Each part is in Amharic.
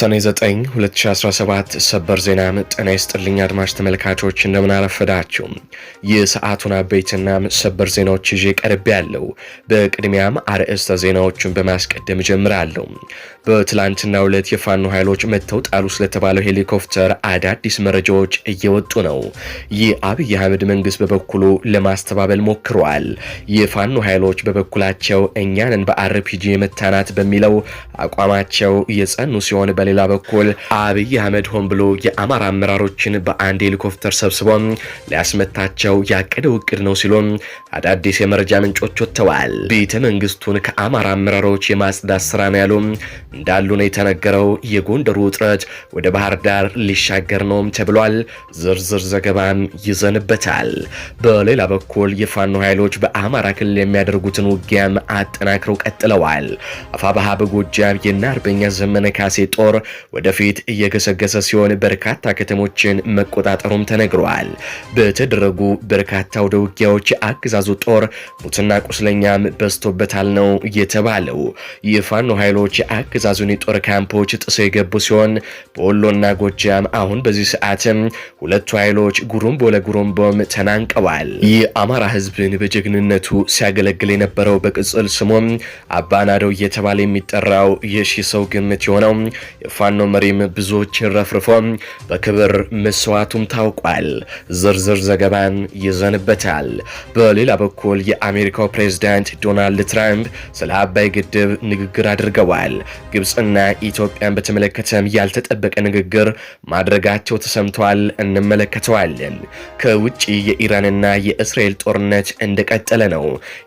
ሰኔ 9 2017 ሰበር ዜና። ጤና ይስጥልኝ አድማጭ ተመልካቾች እንደምን አረፈዳችሁ። የሰዓቱን አበይትና ሰበር ዜናዎች ይዤ ቀርቤ ያለው። በቅድሚያም አርዕስተ ዜናዎቹን በማስቀደም ጀምራለሁ። በትላንትና ሁለት የፋኖ ኃይሎች መጥተው ጣሉ ስለተባለው ሄሊኮፕተር አዳዲስ መረጃዎች እየወጡ ነው። የአብይ አህመድ መንግስት በበኩሉ ለማስተባበል ሞክሯል። የፋኖ ኃይሎች በበኩላቸው እኛንን በአርፒጂ መታናት በሚለው አቋማቸው እየጸኑ ሲሆን፣ በሌላ በኩል አብይ አህመድ ሆን ብሎ የአማራ አመራሮችን በአንድ ሄሊኮፕተር ሰብስቦም ሊያስመታቸው ያቀደው እቅድ ነው ሲሉም አዳዲስ የመረጃ ምንጮች ወጥተዋል። ቤተ መንግስቱን ከአማራ አመራሮች የማጽዳት ስራ ነው ያሉ እንዳሉ ነው የተነገረው። የጎንደሩ ውጥረት ወደ ባህር ዳር ሊሻገር ነውም ተብሏል። ዝርዝር ዘገባም ይዘንበታል። በሌላ በኩል የፋኖ ኃይሎች በአማራ ክልል የሚያደርጉትን ውጊያም አጠናክረው ቀጥለዋል። አፋባሃ በጎጃም የና አርበኛ ዘመነ ካሴ ጦር ወደፊት እየገሰገሰ ሲሆን በርካታ ከተሞችን መቆጣጠሩም ተነግሯል። በተደረጉ በርካታ ወደ ውጊያዎች የአገዛዙ ጦር ሙትና ቁስለኛም በዝቶበታል ነው የተባለው። የፋኖ ኃይሎች የአገዛዙን የጦር ካምፖች ጥሰው የገቡ ሲሆን በወሎና ጎጃም አሁን በዚህ ሰዓትም ሁለቱ ኃይሎች ጉሩምቦ ለጉሩምቦም ተናንቀዋል። አማራ ህዝብን በጀግንነቱ ሲያገለግል የነበረው በቅጽል ስሙም አባናደው እየተባለ የሚጠራው የሺ ሰው ግምት የሆነው የፋኖ መሪም ብዙዎችን ረፍርፎ በክብር መስዋዕቱም ታውቋል። ዝርዝር ዘገባን ይዘንበታል። በሌላ በኩል የአሜሪካው ፕሬዝዳንት ዶናልድ ትራምፕ ስለ አባይ ግድብ ንግግር አድርገዋል። ግብፅና ኢትዮጵያን በተመለከተም ያልተጠበቀ ንግግር ማድረጋቸው ተሰምተዋል። እንመለከተዋለን። ከውጭ የኢራንና የእስራኤል ጦርነት እንደቀጠለ ነው።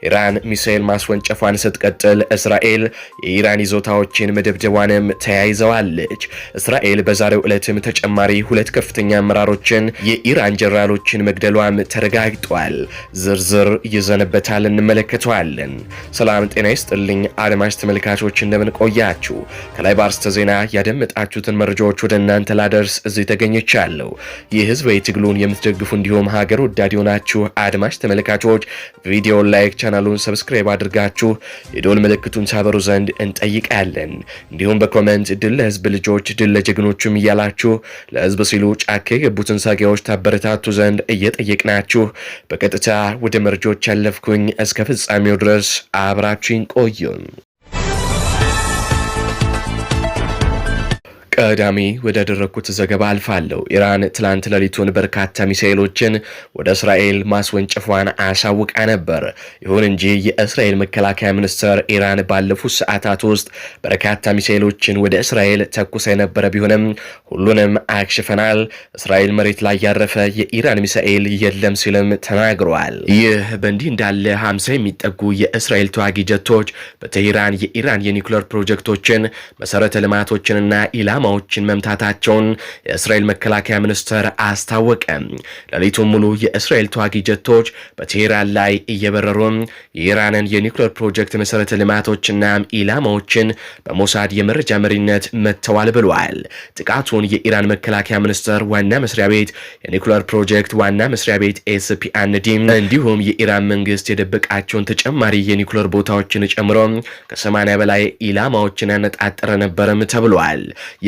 ኢራን ሚሳኤል ማስወንጨፏን ስትቀጥል፣ እስራኤል የኢራን ይዞታዎችን መደብደቧንም ተያይዘዋለች። እስራኤል በዛሬው ዕለትም ተጨማሪ ሁለት ከፍተኛ አመራሮችን የኢራን ጀነራሎችን መግደሏም ተረጋግጧል። ዝርዝር ይዘንበታል፣ እንመለከተዋለን። ሰላም ጤና ይስጥልኝ አድማጭ ተመልካቾች እንደምንቆያችሁ ናችሁ። ከላይ በአርስተ ዜና ያደመጣችሁትን መረጃዎች ወደ እናንተ ላደርስ እዚህ ተገኝቻለሁ። ይህ ህዝባዊ ትግሉን የምትደግፉ እንዲሁም ሀገር ወዳድ የሆናችሁ አድማጭ ተመልካቾች ቪዲዮ ላይክ፣ ቻናሉን ሰብስክራይብ አድርጋችሁ የዶል ምልክቱን ሳበሩ ዘንድ እንጠይቃለን። እንዲሁም በኮመንት ድል ለህዝብ ልጆች፣ ድል ለጀግኖቹም እያላችሁ ለህዝብ ሲሉ ጫካ የገቡትን ሳጊያዎች ታበረታቱ ዘንድ እየጠየቅናችሁ በቀጥታ ወደ መረጃዎች ያለፍኩኝ እስከ ፍጻሜው ድረስ አብራችሁን ቆዩን። ቀዳሚ ወዳደረግኩት ዘገባ አልፋለሁ። ኢራን ትላንት ሌሊቱን በርካታ ሚሳኤሎችን ወደ እስራኤል ማስወንጨፏን አሳውቃ ነበር። ይሁን እንጂ የእስራኤል መከላከያ ሚኒስትር ኢራን ባለፉት ሰዓታት ውስጥ በርካታ ሚሳኤሎችን ወደ እስራኤል ተኩሳ የነበረ ቢሆንም ሁሉንም አክሽፈናል፣ እስራኤል መሬት ላይ ያረፈ የኢራን ሚሳኤል የለም ሲልም ተናግረዋል። ይህ በእንዲህ እንዳለ ሀምሳ የሚጠጉ የእስራኤል ተዋጊ ጀቶች በቴህራን የኢራን የኒውክሌር ፕሮጀክቶችን መሰረተ ልማቶችንና ኢላማ ኢላማዎችን መምታታቸውን የእስራኤል መከላከያ ሚኒስቴር አስታወቀ። ሌሊቱን ሙሉ የእስራኤል ተዋጊ ጀቶች በቴህራን ላይ እየበረሩ የኢራንን የኒውክሌር ፕሮጀክት መሰረተ ልማቶችና ኢላማዎችን በሞሳድ የመረጃ መሪነት መጥተዋል ብለዋል። ጥቃቱን የኢራን መከላከያ ሚኒስቴር ዋና መስሪያ ቤት፣ የኒውክሌር ፕሮጀክት ዋና መስሪያ ቤት ኤስፒአንዲም እንዲሁም የኢራን መንግስት የደበቃቸውን ተጨማሪ የኒውክሌር ቦታዎችን ጨምሮ ከ80 በላይ ኢላማዎችን ያነጣጠረ ነበርም ተብሏል።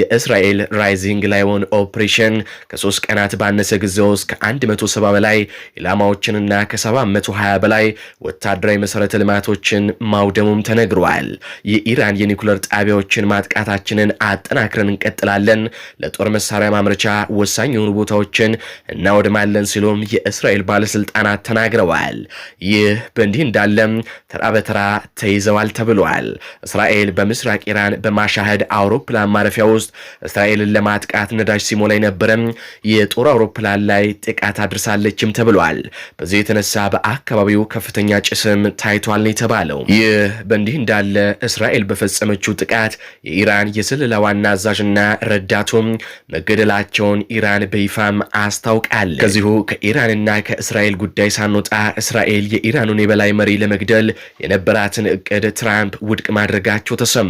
የእስራኤል ራይዚንግ ላይን ኦፕሬሽን ከሶስት ቀናት ባነሰ ጊዜ ውስጥ መቶ 170 በላይ ኢላማዎችንና ከ720 በላይ ወታደራዊ መሠረተ ልማቶችን ማውደሙም ተነግሯል። የኢራን የኒኩለር ጣቢያዎችን ማጥቃታችንን አጠናክረን እንቀጥላለን፣ ለጦር መሳሪያ ማምረቻ ወሳኝ የሆኑ ቦታዎችን እናወድማለን ሲሉም የእስራኤል ባለስልጣናት ተናግረዋል። ይህ በእንዲህ እንዳለም ተራ በተራ ተይዘዋል ተብሏል። እስራኤል በምስራቅ ኢራን በማሻህድ አውሮፕላን ማረፊያ ውስጥ እስራኤልን ለማጥቃት ነዳጅ ሲሞላ የነበረም የጦር አውሮፕላን ላይ ጥቃት አድርሳለችም ተብሏል። በዚህ የተነሳ በአካባቢው ከፍተኛ ጭስም ታይቷል ነው የተባለው። ይህ በእንዲህ እንዳለ እስራኤል በፈጸመችው ጥቃት የኢራን የስለላ ዋና አዛዥና ረዳቱም መገደላቸውን ኢራን በይፋም አስታውቃለች። ከዚሁ ከኢራንና ከእስራኤል ጉዳይ ሳንወጣ እስራኤል የኢራኑን የበላይ መሪ ለመግደል የነበራትን እቅድ ትራምፕ ውድቅ ማድረጋቸው ተሰማ።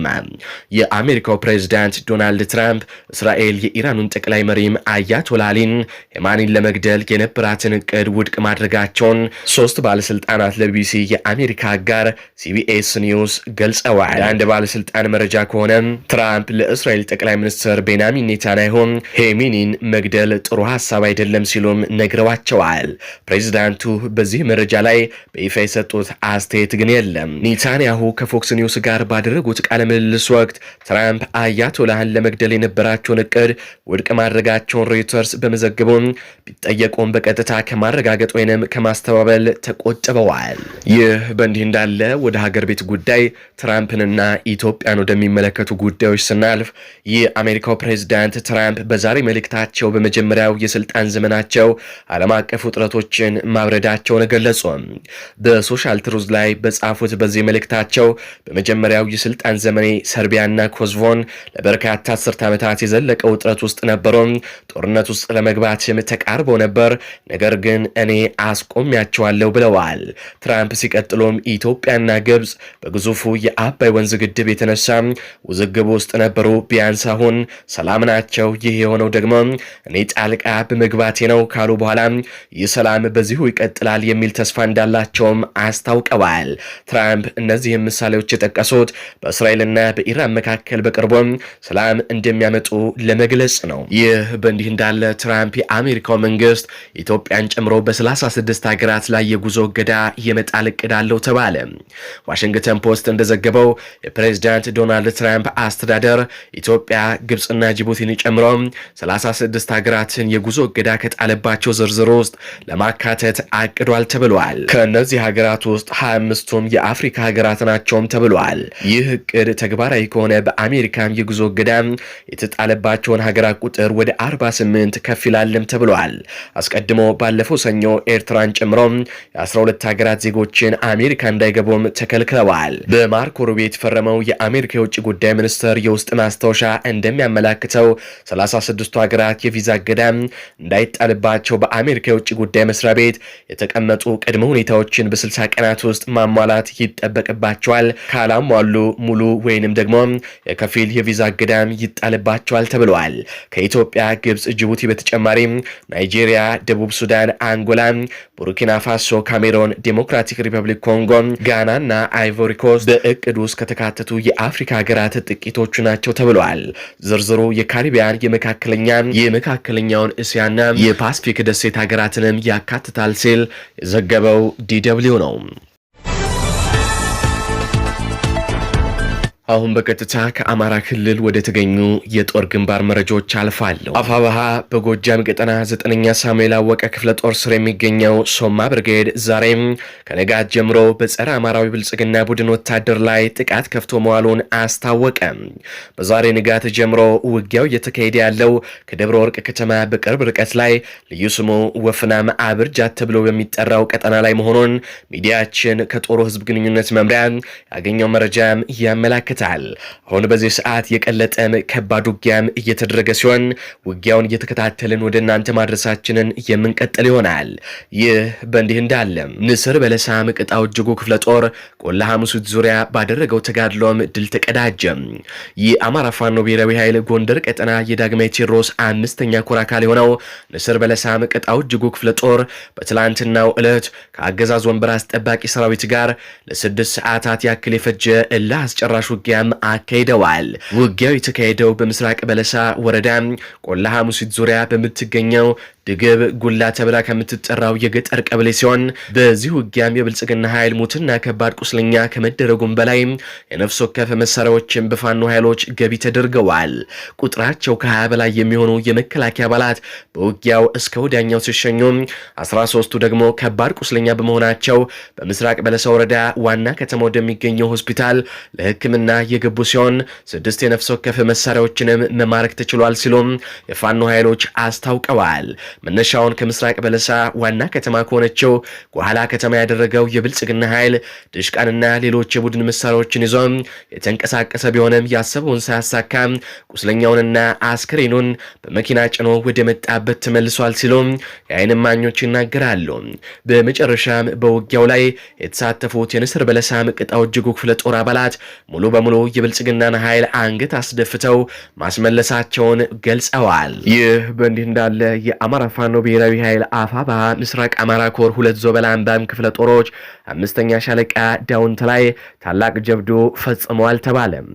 የአሜሪካው ፕሬዚዳንት ዶናልድ ትራምፕ እስራኤል የኢራኑን ጠቅላይ መሪም አያቶላሊን ሄማኒን ለመግደል የነበራትን እቅድ ውድቅ ማድረጋቸውን ሶስት ባለስልጣናት ለቢቢሲ የአሜሪካ አጋር ሲቢኤስ ኒውስ ገልጸዋል። ለአንድ ባለስልጣን መረጃ ከሆነ ትራምፕ ለእስራኤል ጠቅላይ ሚኒስትር ቤንያሚን ኔታንያሁ ሄሚኒን መግደል ጥሩ ሀሳብ አይደለም ሲሉም ነግረዋቸዋል። ፕሬዚዳንቱ በዚህ መረጃ ላይ በይፋ የሰጡት አስተያየት ግን የለም። ኔታንያሁ ከፎክስ ኒውስ ጋር ባደረጉት ቃለ ምልልስ ወቅት ትራምፕ አያቶላህን ለመግደል ለመግደል የነበራቸውን እቅድ ውድቅ ማድረጋቸውን ሮይተርስ በመዘግቡም ቢጠየቁም በቀጥታ ከማረጋገጥ ወይንም ከማስተባበል ተቆጥበዋል። ይህ በእንዲህ እንዳለ ወደ ሀገር ቤት ጉዳይ ትራምፕንና ኢትዮጵያን ወደሚመለከቱ ጉዳዮች ስናልፍ የአሜሪካው ፕሬዚዳንት ትራምፕ በዛሬ መልእክታቸው በመጀመሪያው የስልጣን ዘመናቸው ዓለም አቀፍ ውጥረቶችን ማብረዳቸውን ገለጹ። በሶሻል ትሩዝ ላይ በጻፉት በዚህ መልእክታቸው በመጀመሪያው የስልጣን ዘመኔ ሰርቢያና ኮዝቮን ለበርካታ ለሁለት ዓመታት የዘለቀ ውጥረት ውስጥ ነበሩ። ጦርነት ውስጥ ለመግባትም ተቃርበው ነበር። ነገር ግን እኔ አስቆሚያቸዋለሁ ብለዋል ትራምፕ። ሲቀጥሉም ኢትዮጵያና ግብፅ በግዙፉ የአባይ ወንዝ ግድብ የተነሳ ውዝግብ ውስጥ ነበሩ። ቢያንስ አሁን ሰላም ናቸው። ይህ የሆነው ደግሞ እኔ ጣልቃ በመግባቴ ነው ካሉ በኋላ ይህ ሰላም በዚሁ ይቀጥላል የሚል ተስፋ እንዳላቸውም አስታውቀዋል። ትራምፕ እነዚህም ምሳሌዎች የጠቀሱት በእስራኤልና በኢራን መካከል በቅርቦ ሰላም እንደሚያመጡ ለመግለጽ ነው። ይህ በእንዲህ እንዳለ ትራምፕ የአሜሪካው መንግስት ኢትዮጵያን ጨምሮ በ36 ሀገራት ላይ የጉዞ እገዳ የመጣል እቅድ አለው ተባለ። ዋሽንግተን ፖስት እንደዘገበው የፕሬዚዳንት ዶናልድ ትራምፕ አስተዳደር ኢትዮጵያ፣ ግብፅና ጅቡቲን ጨምሮ 36 ሀገራትን የጉዞ እገዳ ከጣለባቸው ዝርዝር ውስጥ ለማካተት አቅዷል ተብሏል። ከእነዚህ ሀገራት ውስጥ 25ቱም የአፍሪካ ሀገራት ናቸውም ተብሏል። ይህ እቅድ ተግባራዊ ከሆነ በአሜሪካም የጉዞ እገዳ የተጣለባቸውን ሀገራት ቁጥር ወደ 48 ከፍ ይላልም ተብለዋል። አስቀድሞ ባለፈው ሰኞ ኤርትራን ጨምሮ የ12 ሀገራት ዜጎችን አሜሪካ እንዳይገቡም ተከልክለዋል። በማርኮ ሩቢዮ የተፈረመው የአሜሪካ የውጭ ጉዳይ ሚኒስቴር የውስጥ ማስታወሻ እንደሚያመላክተው 36ቱ ሀገራት የቪዛ እገዳ እንዳይጣልባቸው በአሜሪካ የውጭ ጉዳይ መስሪያ ቤት የተቀመጡ ቅድመ ሁኔታዎችን በ60 ቀናት ውስጥ ማሟላት ይጠበቅባቸዋል። ካላሟሉ ሙሉ ወይንም ደግሞ የከፊል የቪዛ እገዳም ይጣልባቸዋል ተብለዋል። ከኢትዮጵያ፣ ግብፅ፣ ጅቡቲ በተጨማሪም ናይጄሪያ፣ ደቡብ ሱዳን፣ አንጎላ፣ ቡርኪና ፋሶ፣ ካሜሮን፣ ዴሞክራቲክ ሪፐብሊክ ኮንጎ፣ ጋና እና አይቮሪኮስ በእቅድ ውስጥ ከተካተቱ የአፍሪካ ሀገራት ጥቂቶቹ ናቸው ተብለዋል። ዝርዝሩ የካሪቢያን፣ የመካከለኛ የመካከለኛውን እስያና የፓስፊክ ደሴት ሀገራትንም ያካትታል ሲል የዘገበው ዲደብሊው ነው። አሁን በቀጥታ ከአማራ ክልል ወደ ተገኙ የጦር ግንባር መረጃዎች አልፋለሁ። አፋባሃ በጎጃም ቀጠና ዘጠነኛ ሳሙኤል አወቀ ክፍለ ጦር ስር የሚገኘው ሶማ ብርጌድ ዛሬም ከንጋት ጀምሮ በጸረ አማራዊ ብልጽግና ቡድን ወታደር ላይ ጥቃት ከፍቶ መዋሉን አስታወቀ። በዛሬ ንጋት ጀምሮ ውጊያው እየተካሄደ ያለው ከደብረ ወርቅ ከተማ በቅርብ ርቀት ላይ ልዩ ስሙ ወፍና ማዕብር ጃት ተብሎ በሚጠራው ቀጠና ላይ መሆኑን ሚዲያችን ከጦሩ ህዝብ ግንኙነት መምሪያ ያገኘው መረጃም ያመላከታል። ያመላክታል። አሁን በዚህ ሰዓት የቀለጠም ከባድ ውጊያም እየተደረገ ሲሆን ውጊያውን እየተከታተልን ወደ እናንተ ማድረሳችንን የምንቀጥል ይሆናል። ይህ በእንዲህ እንዳለም ንስር በለሳም ቅጣው እጅጉ ክፍለ ጦር ቆላ ሐሙሱት ዙሪያ ባደረገው ተጋድሎም ድል ተቀዳጀ። አማራ ፋኖ ብሔራዊ ኃይል ጎንደር ቀጠና የዳግማዊ ቴዎድሮስ አምስተኛ ኮር አካል የሆነው ንስር በለሳም ቅጣው እጅጉ ክፍለ ጦር በትላንትናው ዕለት ከአገዛዝ ወንበር አስጠባቂ ሰራዊት ጋር ለስድስት ሰዓታት ያክል የፈጀ እልህ አስጨራሽ ውጊያም አካሂደዋል። ውጊያው የተካሄደው በምስራቅ በለሳ ወረዳ ቆላ ሐሙሲት ዙሪያ በምትገኘው ድግብ ጉላ ተብላ ከምትጠራው የገጠር ቀበሌ ሲሆን በዚህ ውጊያም የብልጽግና ኃይል ሙትና ከባድ ቁስለኛ ከመደረጉም በላይ የነፍስ ወከፍ መሳሪያዎችን በፋኖ ኃይሎች ገቢ ተደርገዋል። ቁጥራቸው ከ20 በላይ የሚሆኑ የመከላከያ አባላት በውጊያው እስከ ወዲያኛው ሲሸኙ 13ቱ ደግሞ ከባድ ቁስለኛ በመሆናቸው በምስራቅ በለሳ ወረዳ ዋና ከተማ ወደሚገኘው ሆስፒታል ለሕክምና የገቡ ሲሆን ስድስት የነፍስ ወከፍ መሳሪያዎችንም መማረክ ተችሏል ሲሉም የፋኖ ኃይሎች አስታውቀዋል። መነሻውን ከምስራቅ በለሳ ዋና ከተማ ከሆነችው ጓኋላ ከተማ ያደረገው የብልጽግና ኃይል ድሽቃንና ሌሎች የቡድን መሳሪያዎችን ይዞ የተንቀሳቀሰ ቢሆንም ያሰበውን ሳያሳካ ቁስለኛውንና አስክሬኑን በመኪና ጭኖ ወደ መጣበት ተመልሷል ሲሉ የአይን እማኞች ይናገራሉ። በመጨረሻም በውጊያው ላይ የተሳተፉት የንስር በለሳ ምቅጣው እጅጉ ክፍለ ጦር አባላት ሙሉ በሙሉ የብልጽግናን ኃይል አንገት አስደፍተው ማስመለሳቸውን ገልጸዋል። ይህ በእንዲህ እንዳለ የአማራ ፋኖ ብሔራዊ ኃይል አፋባ ምስራቅ አማራ ኮር ሁለት ዞበል አምባም ክፍለ ጦሮች አምስተኛ ሻለቃ ዳውንት ላይ ታላቅ ጀብዶ ፈጽመዋል ተባለም።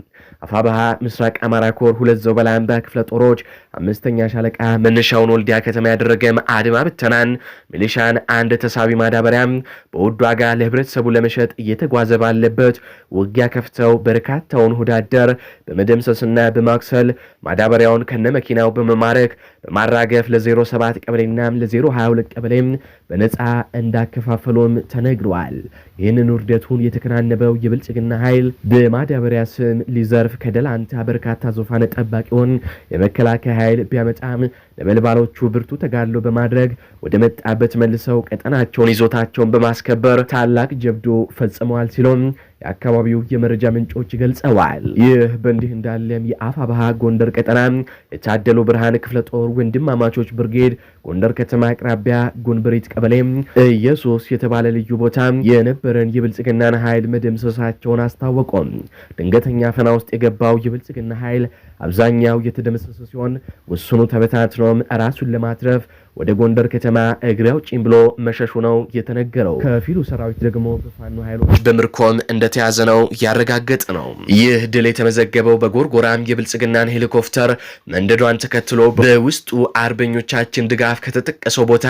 አፋባሃ ምስራቅ አማራ ኮር ሁለት ዞበል አምባ ክፍለ ጦሮች አምስተኛ ሻለቃ መነሻውን ወልዲያ ከተማ ያደረገም አድማ ብተናን ሚሊሻን አንድ ተሳቢ ማዳበሪያም በውድ ዋጋ ለህብረተሰቡ ለመሸጥ እየተጓዘ ባለበት ውጊያ ከፍተው በርካታውን ሆዳደር በመደምሰስና በማክሰል ማዳበሪያውን ከነመኪናው በመማረክ በማራገፍ ለ07 ቀበሌና ለ022 ቀበሌም በነፃ እንዳከፋፈሉም ተነግረዋል። ይህንን ውርደቱን የተከናነበው የብልጽግና ኃይል በማዳበሪያ ስም ሊዘርፍ ከደላንታ በርካታ ዙፋን ጠባቂውን የመከላከያ ኃይል ቢያመጣም ነበልባሎቹ ብርቱ ተጋድሎ በማድረግ ወደ መጣበት መልሰው ቀጠናቸውን ይዞታቸውን በማስከበር ታላቅ ጀብዶ ፈጽመዋል ሲሎም የአካባቢው የመረጃ ምንጮች ገልጸዋል። ይህ በእንዲህ እንዳለም የአፋባሃ ጎንደር ቀጠና የታደሉ ብርሃን ክፍለ ጦር ወንድማማቾች ብርጌድ ጎንደር ከተማ አቅራቢያ ጎንበሬት ቀበሌ ኢየሱስ የተባለ ልዩ ቦታ የነበረን የብልጽግናን ኃይል መደምሰሳቸውን አስታወቁም። ድንገተኛ ፈና ውስጥ የገባው የብልጽግና ኃይል አብዛኛው የተደመሰሰ ሲሆን፣ ውስኑ ተበታትኖም ራሱን ለማትረፍ ወደ ጎንደር ከተማ እግሬ አውጪኝ ብሎ መሸሹ ነው የተነገረው። ከፊሉ ሰራዊት ደግሞ በፋኖ ኃይሎች በምርኮም እንደተያዘ ነው ያረጋገጥ ነው። ይህ ድል የተመዘገበው በጎርጎራም የብልጽግናን ሄሊኮፕተር መንደዷን ተከትሎ በውስጡ አርበኞቻችን ድጋፍ ከተጠቀሰው ቦታ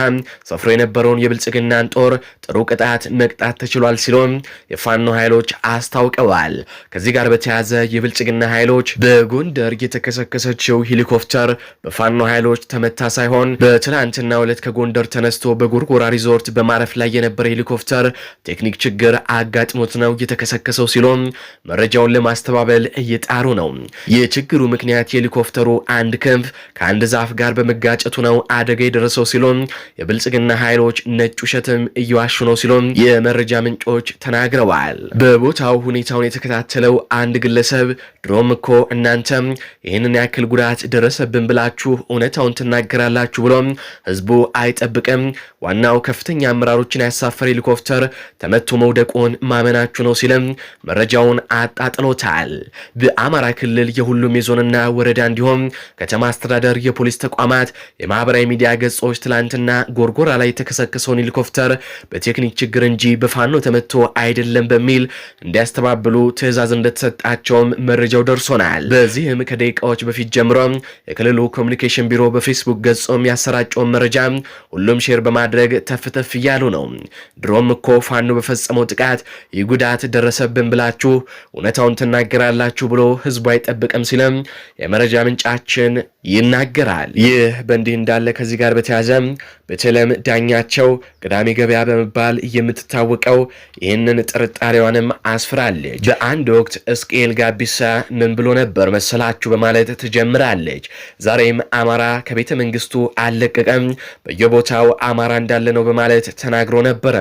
ሰፍሮ የነበረውን የብልጽግናን ጦር ጥሩ ቅጣት መቅጣት ተችሏል ሲሎም የፋኖ ኃይሎች አስታውቀዋል። ከዚህ ጋር በተያዘ የብልጽግና ኃይሎች በጎንደር የተከሰከሰችው ሄሊኮፕተር በፋኖ ኃይሎች ተመታ ሳይሆን በትላንት በትናንትናው ዕለት ከጎንደር ተነስቶ በጎርጎራ ሪዞርት በማረፍ ላይ የነበረ ሄሊኮፕተር ቴክኒክ ችግር አጋጥሞት ነው የተከሰከሰው ሲሎም መረጃውን ለማስተባበል እየጣሩ ነው። የችግሩ ምክንያት የሄሊኮፕተሩ አንድ ክንፍ ከአንድ ዛፍ ጋር በመጋጨቱ ነው አደጋ የደረሰው ሲሎም የብልጽግና ኃይሎች ነጭ ውሸትም እየዋሹ ነው ሲሎም የመረጃ ምንጮች ተናግረዋል። በቦታው ሁኔታውን የተከታተለው አንድ ግለሰብ ድሮም እኮ እናንተም ይህንን ያክል ጉዳት ደረሰብን ብላችሁ እውነታውን ትናገራላችሁ ብሎም ህዝቡ አይጠብቅም። ዋናው ከፍተኛ አመራሮችን ያሳፈር ሄሊኮፕተር ተመቶ መውደቁን ማመናችሁ ነው ሲልም መረጃውን አጣጥሎታል። በአማራ ክልል የሁሉም የዞንና ወረዳ እንዲሁም ከተማ አስተዳደር የፖሊስ ተቋማት የማህበራዊ ሚዲያ ገጾች ትላንትና ጎርጎራ ላይ የተከሰከሰውን ሄሊኮፕተር በቴክኒክ ችግር እንጂ በፋኖ ተመቶ አይደለም በሚል እንዲያስተባብሉ ትዕዛዝ እንደተሰጣቸውም መረጃው ደርሶናል። በዚህም ከደቂቃዎች በፊት ጀምሮ የክልሉ ኮሚኒኬሽን ቢሮ በፌስቡክ ገጾም ያሰራጨው ያለውን መረጃ ሁሉም ሼር በማድረግ ተፍተፍ እያሉ ነው። ድሮም እኮ ፋኖ በፈጸመው ጥቃት ይህ ጉዳት ደረሰብን ብላችሁ እውነታውን ትናገራላችሁ ብሎ ህዝቡ አይጠብቅም ሲለም የመረጃ ምንጫችን ይናገራል። ይህ በእንዲህ እንዳለ ከዚህ ጋር በተያዘ በተለም ዳኛቸው ቅዳሜ ገበያ በመባል የምትታወቀው ይህንን ጥርጣሬዋንም አስፍራለች። በአንድ ወቅት እስቅኤል ጋቢሳ ምን ብሎ ነበር መሰላችሁ በማለት ትጀምራለች። ዛሬም አማራ ከቤተ መንግስቱ አልለቀቀም፣ በየቦታው አማራ እንዳለ ነው በማለት ተናግሮ ነበረ።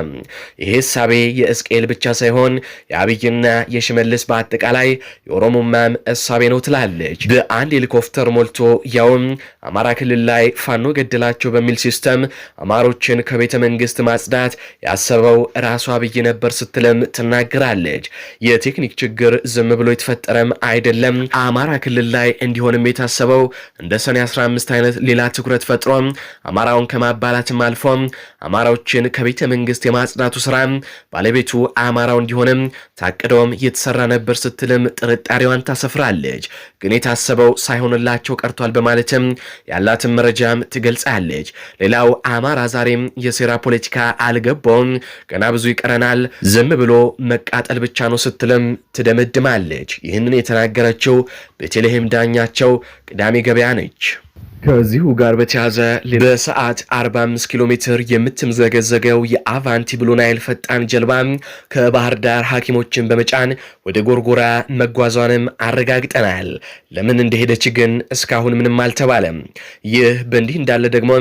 ይህ እሳቤ የእስቅኤል ብቻ ሳይሆን የአብይና የሽመልስ በአጠቃላይ የኦሮሞማም እሳቤ ነው ትላለች። በአንድ ሄሊኮፕተር ሞልቶ ያውም አማራ ክልል ላይ ፋኖ ገደላቸው በሚል ሲስተም አማሮችን ከቤተ መንግስት ማጽዳት ያሰበው ራሱ አብይ ነበር ስትልም ትናገራለች። የቴክኒክ ችግር ዝም ብሎ የተፈጠረም አይደለም። አማራ ክልል ላይ እንዲሆንም የታሰበው እንደ ሰኔ 15 አይነት ሌላ ትኩረት ፈጥሮ አማራውን ከማባላትም አልፎ አማራዎችን ከቤተ መንግስት የማጽዳቱ ስራ ባለቤቱ አማራው እንዲሆንም ታቅደውም የተሰራ ነበር ስትልም ጥርጣሬዋን ታሰፍራለች። ግን የታሰበው ሳይሆንላቸው ቀርቷል በማለትም ያላትን መረጃም ትገልጻለች። ሌላው አማራ ዛሬም የሴራ ፖለቲካ አልገባውም፣ ገና ብዙ ይቀረናል፣ ዝም ብሎ መቃጠል ብቻ ነው ስትልም ትደመድማለች። ይህንን የተናገረችው ቤተልሔም ዳኛቸው ቅዳሜ ገበያ ነች። ከዚሁ ጋር በተያዘ በሰዓት 45 ኪሎ ሜትር የምትምዘገዘገው የአቫንቲ ብሉናይል ፈጣን ጀልባ ከባህር ዳር ሐኪሞችን በመጫን ወደ ጎርጎራ መጓዟንም አረጋግጠናል። ለምን እንደሄደች ግን እስካሁን ምንም አልተባለም። ይህ በእንዲህ እንዳለ ደግሞ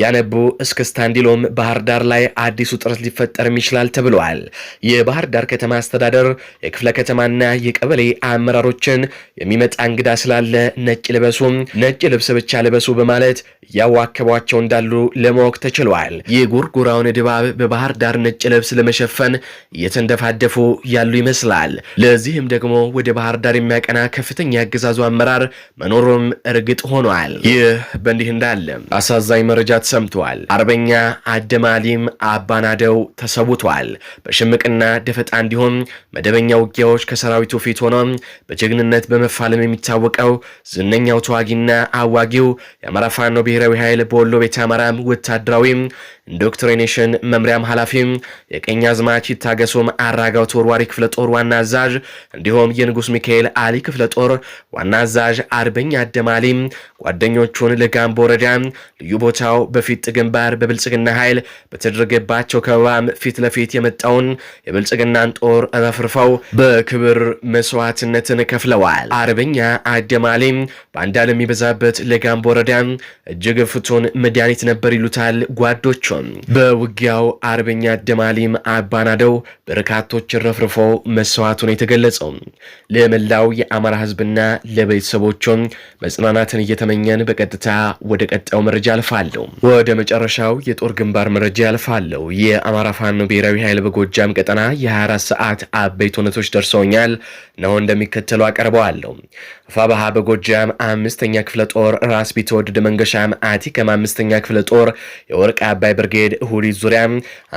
ያነቡ እስከ ስታንዲሎም ባህር ዳር ላይ አዲስ ውጥረት ሊፈጠርም ይችላል ተብለዋል። የባህር ዳር ከተማ አስተዳደር የክፍለ ከተማና የቀበሌ አመራሮችን የሚመጣ እንግዳ ስላለ ነጭ ልበሱም ነጭ ልብስ ብቻ አትልበሱ በማለት እያዋከቧቸው እንዳሉ ለማወቅ ተችሏል። የጎርጎራውን ድባብ በባህር ዳር ነጭ ልብስ ለመሸፈን እየተንደፋደፉ ያሉ ይመስላል። ለዚህም ደግሞ ወደ ባህር ዳር የሚያቀና ከፍተኛ አገዛዙ አመራር መኖሩም እርግጥ ሆኗል። ይህ በእንዲህ እንዳለ አሳዛኝ መረጃ ተሰምቷል። አርበኛ አደማሊም አባናደው ተሰውቷል። በሽምቅና ደፈጣ እንዲሁም መደበኛ ውጊያዎች ከሰራዊቱ ፊት ሆኖ በጀግንነት በመፋለም የሚታወቀው ዝነኛው ተዋጊና አዋጊው የአማራ ፋኖ ብሔራዊ ኃይል በወሎ ቤተ አማራ ወታደራዊ ኢንዶክትሪኔሽን መምሪያም ኃላፊም የቀኝ አዝማች ይታገሱም አራጋው ተወርዋሪ ክፍለ ጦር ዋና አዛዥ እንዲሁም የንጉሥ ሚካኤል አሊ ክፍለ ጦር ዋና አዛዥ አርበኛ አደማሊ ጓደኞቹን ለጋምቦ ወረዳ ልዩ ቦታው በፊት ግንባር በብልጽግና ኃይል በተደረገባቸው ከበባም ፊት ለፊት የመጣውን የብልጽግናን ጦር ረፍርፈው በክብር መስዋዕትነትን ከፍለዋል። አርበኛ አደማሊም ባንዳ ለሚበዛበት ለጋምቦ ወረዳ እጅግ ፍቱን መድኃኒት ነበር ይሉታል ጓዶቹ። ናቸው። በውጊያው አርበኛ ደማሊም አባናደው በርካቶች ረፍርፎ መስዋዕቱን የተገለጸው ለመላው የአማራ ህዝብና ለቤተሰቦቹም መጽናናትን እየተመኘን በቀጥታ ወደ ቀጣው መረጃ አልፋለሁ። ወደ መጨረሻው የጦር ግንባር መረጃ ያልፋለሁ። የአማራ ፋኖ ብሔራዊ ኃይል በጎጃም ቀጠና የ24 ሰዓት አበይት እውነቶች ደርሰውኛል ነው እንደሚከተሉ አቀርበዋለሁ። ፋባሃ በጎጃም አምስተኛ ክፍለ ጦር ራስ ቢትወደድ መንገሻም አቲከም አምስተኛ ክፍለ ጦር የወርቅ አባይ ብርጌድ እሁዲት ዙሪያ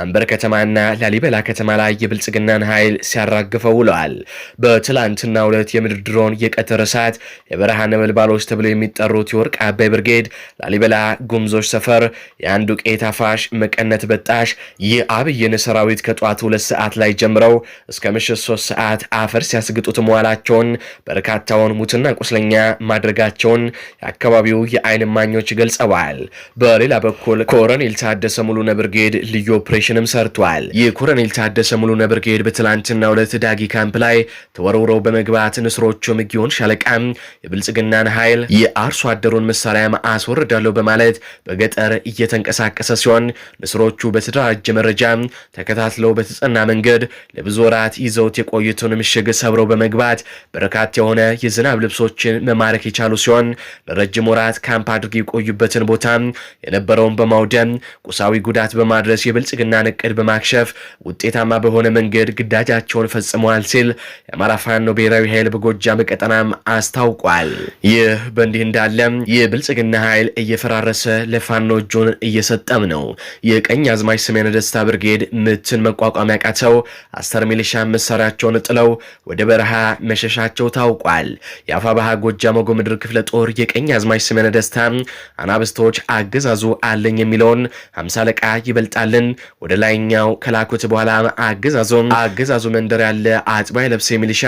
አንበር ከተማና ላሊበላ ከተማ ላይ የብልጽግናን ኃይል ሲያራግፈው ውለዋል። በትላንትና ሁለት የምድር ድሮን የቀትር እሳት የበረሃ ነበልባሎች ተብለው የሚጠሩት የወርቅ አባይ ብርጌድ ላሊበላ ጉምዞች ሰፈር የአንዱ ቄት አፋሽ መቀነት በጣሽ የአብይን ሰራዊት ከጠዋት ሁለት ሰዓት ላይ ጀምረው እስከ ምሽት ሶስት ሰዓት አፈር ሲያስግጡት መዋላቸውን በርካታውን ሙትና ቁስለኛ ማድረጋቸውን የአካባቢው የአይን ማኞች ገልጸዋል። በሌላ በኩል ኮሎኔል ታደሰ ታደሰ ሙሉነ ብርጌድ ልዩ ኦፕሬሽንም ሰርቷል። ኮሎኔል ታደሰ ሙሉነ ብርጌድ በትላንትና ሁለት ዳጊ ካምፕ ላይ ተወርውረው በመግባት ንስሮቹ ምግዮን ሻለቃ የብልጽግናን ኃይል የአርሶ አደሩን መሳሪያም አስወርዳለሁ በማለት በገጠር እየተንቀሳቀሰ ሲሆን ንስሮቹ በተደራጀ መረጃ ተከታትለው በተጸና መንገድ ለብዙ ወራት ይዘውት የቆዩትን ምሽግ ሰብረው በመግባት በርካታ የሆነ የዝናብ ልብሶችን መማረክ የቻሉ ሲሆን ለረጅም ወራት ካምፕ አድርገው የቆዩበትን ቦታ የነበረውን በማውደም ቁሳ ቁሳዊ ጉዳት በማድረስ የብልጽግናን እቅድ በማክሸፍ ውጤታማ በሆነ መንገድ ግዳጃቸውን ፈጽመዋል ሲል የአማራ ፋኖ ብሔራዊ ኃይል በጎጃም ቀጠናም አስታውቋል። ይህ በእንዲህ እንዳለ የብልጽግና ኃይል እየፈራረሰ ለፋኖ እጁን እየሰጠም ነው። የቀኝ አዝማች ስሜነ ደስታ ብርጌድ ምትን መቋቋም ያቃተው አስተር ሚሊሻ መሳሪያቸውን ጥለው ወደ በረሃ መሸሻቸው ታውቋል። የአፋ ባሃ ጎጃም ምድር ክፍለ ጦር የቀኝ አዝማች ስሜነ ደስታ አናብስቶች አገዛዙ አለኝ የሚለውን አለቃ ይበልጣልን ወደ ላይኛው ከላኩት በኋላ አገዛዞ አገዛዙ መንደር ያለ አጥባይ ለብሰ ሚሊሻ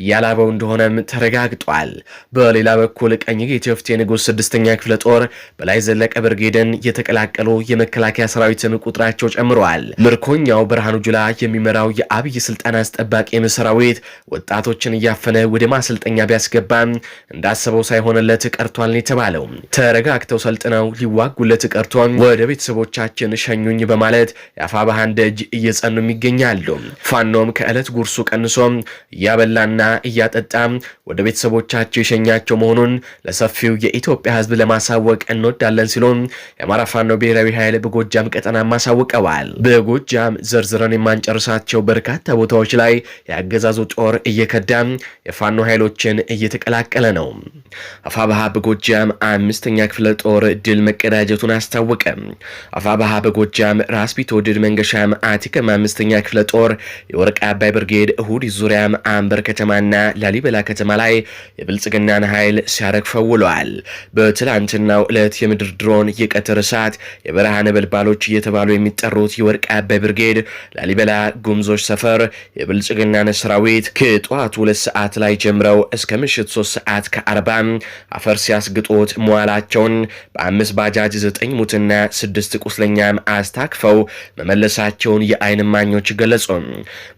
እያላበው እንደሆነም ተረጋግጧል። በሌላ በኩል ቀኝ የኢትዮፍቴ ንጉስ ስድስተኛ ክፍለ ጦር በላይ ዘለቀ ብርጌድን የተቀላቀሉ የመከላከያ ሰራዊትን ቁጥራቸው ጨምረዋል። ምርኮኛው ብርሃኑ ጁላ የሚመራው የአብይ ስልጣን አስጠባቂ ሰራዊት ወጣቶችን እያፈነ ወደ ማሰልጠኛ ቢያስገባም እንዳሰበው ሳይሆንለት ቀርቷል የተባለው ተረጋግተው ሰልጥነው ሊዋጉለት ቀርቶ ወደ ቤተሰቦቻ አባታችን ሸኙኝ በማለት የአፋብኃን ደጅ እየጸኑም ይገኛሉ። ፋኖም ከዕለት ጉርሱ ቀንሶ እያበላና እያጠጣ ወደ ቤተሰቦቻቸው የሸኛቸው መሆኑን ለሰፊው የኢትዮጵያ ሕዝብ ለማሳወቅ እንወዳለን ሲሉ የአማራ ፋኖ ብሔራዊ ኃይል በጎጃም ቀጠና አሳውቀዋል። በጎጃም ዘርዝረን የማንጨርሳቸው በርካታ ቦታዎች ላይ የአገዛዙ ጦር እየከዳ የፋኖ ኃይሎችን እየተቀላቀለ ነው። አፋብኃ በጎጃም አምስተኛ ክፍለ ጦር ድል መቀዳጀቱን አስታወቀ። አፋባሃ በጎጃም ራስ ቢትወደድ መንገሻም አቲከም አምስተኛ ክፍለ ጦር የወርቅ አባይ ብርጌድ እሁድ ዙሪያም አንበር ከተማና ላሊበላ ከተማ ላይ የብልጽግናን ኃይል ሲያረግፈ ውለዋል። በትላንትናው ዕለት የምድር ድሮን፣ የቀትር እሳት፣ የበረሃ ነበልባሎች እየተባሉ የሚጠሩት የወርቅ አባይ ብርጌድ ላሊበላ ጉምዞች ሰፈር የብልጽግናን ሰራዊት ከጠዋት ሁለት ሰዓት ላይ ጀምረው እስከ ምሽት ሶስት ሰዓት ከአርባ አፈር ሲያስግጡት መዋላቸውን በአምስት ባጃጅ ዘጠኝ ሙትና ስድስት ቁስ ቁስለኛም አስታክፈው መመለሳቸውን የአይን ማኞች ገለጹ።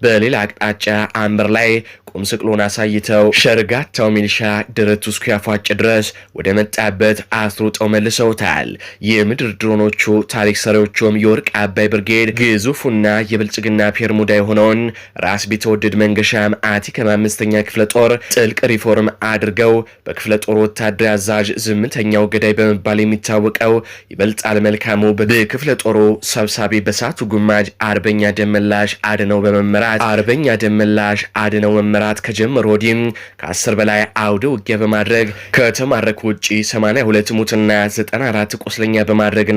በሌላ አቅጣጫ አምበር ላይ ቁም ስቅሎን አሳይተው ሸርጋታው ሚሊሻ ደረቱ እስኪያፏጭ ድረስ ወደ መጣበት አስሩጠው መልሰውታል። የምድር ድሮኖቹ ታሪክ ሰሪዎቹም የወርቅ አባይ ብርጌድ ግዙፉና የብልጽግና ፔርሙዳ የሆነውን ራስ ቢተወደድ መንገሻም አቲከም አምስተኛ ክፍለ ጦር ጥልቅ ሪፎርም አድርገው በክፍለ ጦር ወታደር አዛዥ ዝምተኛው ገዳይ በመባል የሚታወቀው ይበልጣል መልካሙ የክፍለ ጦሩ ሰብሳቢ በሳቱ ጉማጅ አርበኛ ደመላሽ አድነው በመመራት አርበኛ ደመላሽ አድነው መምራት ከጀመሩ ወዲህ ከ በላይ አውደ ውጊያ በማድረግ ከተማረኩ ውጭ 82 ሙትና 94 ቁስለኛ በማድረግና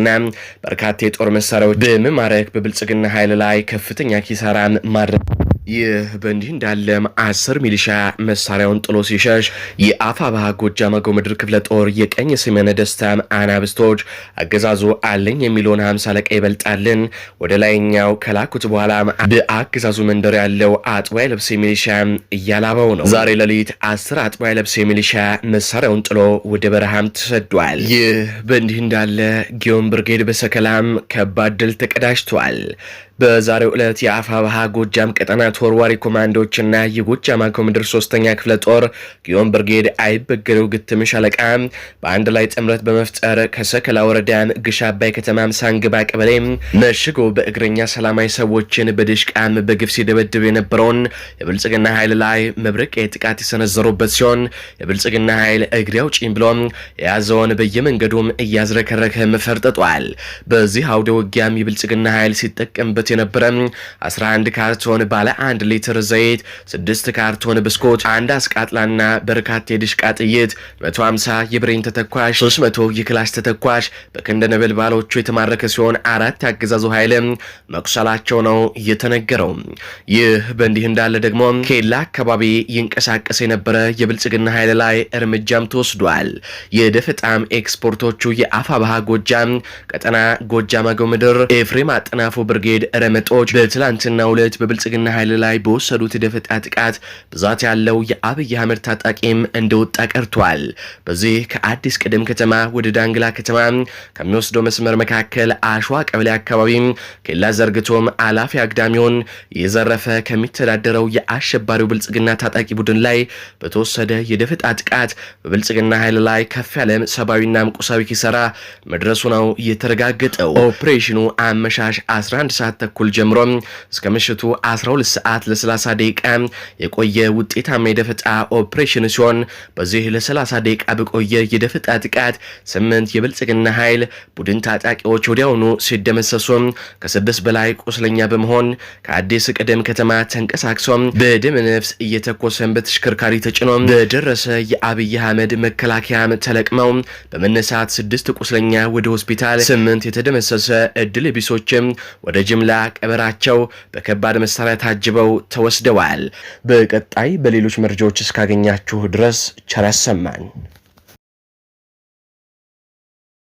በርካታ የጦር መሳሪያዎች በመማረክ በብልጽግና ኃይል ላይ ከፍተኛ ኪሳራን ማድረግ ይህ በእንዲህ እንዳለም አስር ሚሊሻ መሳሪያውን ጥሎ ሲሸሽ የአፋባ ጎጃም አገው ምድር ክፍለ ጦር የቀኝ ስመነ ደስታን አናብስቶች አገዛዙ አለኝ የሚለውን ሀምሳ አለቃ ይበልጣልን ወደ ላይኛው ከላኩት በኋላ በአገዛዙ መንደር ያለው አጥባይ ለብሴ ሚሊሻ እያላበው ነው። ዛሬ ሌሊት አስር አጥባይ ለብሴ ሚሊሻ መሳሪያውን ጥሎ ወደ በረሃም ተሰዷል። ይህ በእንዲህ እንዳለ ጊዮን ብርጌድ በሰከላም ከባድ ድል ተቀዳጅቷል። በዛሬው ዕለት የአፋብሃ ጎጃም ቀጠና ተወርዋሪ ኮማንዶዎችና የጎጃም ኮምድር ሶስተኛ ክፍለ ጦር ጊዮን ብርጌድ አይበገሬው ግትም ሻለቃ በአንድ ላይ ጥምረት በመፍጠር ከሰከላ ወረዳም ግሽ አባይ ከተማም ሳንግባ ቀበሌ መሽጎ በእግረኛ ሰላማዊ ሰዎችን በድሽቃም በግፍ ሲደበድብ የነበረውን የብልጽግና ኃይል ላይ መብረቅ ጥቃት የሰነዘሩበት ሲሆን የብልጽግና ኃይል እግሬ አውጪኝ ብሎ የያዘውን በየመንገዱም እያዝረከረከ መፈርጠጧል። በዚህ አውደ ውጊያም የብልጽግና ኃይል ሲጠቀምበት የነበረ 11 ካርቶን ባለ 1 ሊትር ዘይት፣ 6 ካርቶን ብስኮት፣ አንድ አስቃጥላና በርካታ የድሽቃ ጥይት፣ 150 የብሬን ተተኳሽ፣ 300 የክላሽ ተተኳሽ በክንደ ነበልባሎቹ የተማረከ ሲሆን አራት የአገዛዙ ኃይል መቁሰላቸው ነው የተነገረው። ይህ በእንዲህ እንዳለ ደግሞ ኬላ አካባቢ ይንቀሳቀስ የነበረ የብልጽግና ኃይል ላይ እርምጃም ተወስዷል። የደፈጣም ኤክስፖርቶቹ የአፋ ባሃ ጎጃም ቀጠና ጎጃም አገው ምድር ኤፍሬም አጥናፉ ብርጌድ ቀረመጦች በትላንትና ሁለት በብልጽግና ኃይል ላይ በወሰዱት የደፈጣ ጥቃት ብዛት ያለው የአብይ አህመድ ታጣቂም እንደወጣ ቀርቷል። በዚህ ከአዲስ ቅደም ከተማ ወደ ዳንግላ ከተማ ከሚወስደው መስመር መካከል አሸዋ ቀበሌ አካባቢ ኬላ ዘርግቶም አላፊ አግዳሚውን የዘረፈ ከሚተዳደረው የአሸባሪው ብልጽግና ታጣቂ ቡድን ላይ በተወሰደ የደፈጣ ጥቃት በብልጽግና ኃይል ላይ ከፍ ያለ ሰብአዊና ቁሳዊ ኪሰራ መድረሱ ነው የተረጋገጠው። ኦፕሬሽኑ አመሻሽ 11 ሰዓት ተኩል ጀምሮ እስከ ምሽቱ 12 ሰዓት ለ30 ደቂቃ የቆየ ውጤታማ የደፈጣ ኦፕሬሽን ሲሆን በዚህ ለ30 ደቂቃ በቆየ የደፈጣ ጥቃት ስምንት የብልጽግና ኃይል ቡድን ታጣቂዎች ወዲያውኑ ሲደመሰሱ ከስድስት በላይ ቁስለኛ በመሆን ከአዲስ ቅደም ከተማ ተንቀሳቅሶ በደም ነፍስ እየተኮሰን በተሽከርካሪ ተጭኖ በደረሰ የአብይ አህመድ መከላከያ ተለቅመው በመነሳት ስድስት ቁስለኛ ወደ ሆስፒታል፣ ስምንት የተደመሰሰ እድል ቢሶችም ወደ ጅምላ ሌላ ቀበራቸው በከባድ መሳሪያ ታጅበው ተወስደዋል። በቀጣይ በሌሎች መረጃዎች እስካገኛችሁ ድረስ ቸር ያሰማን።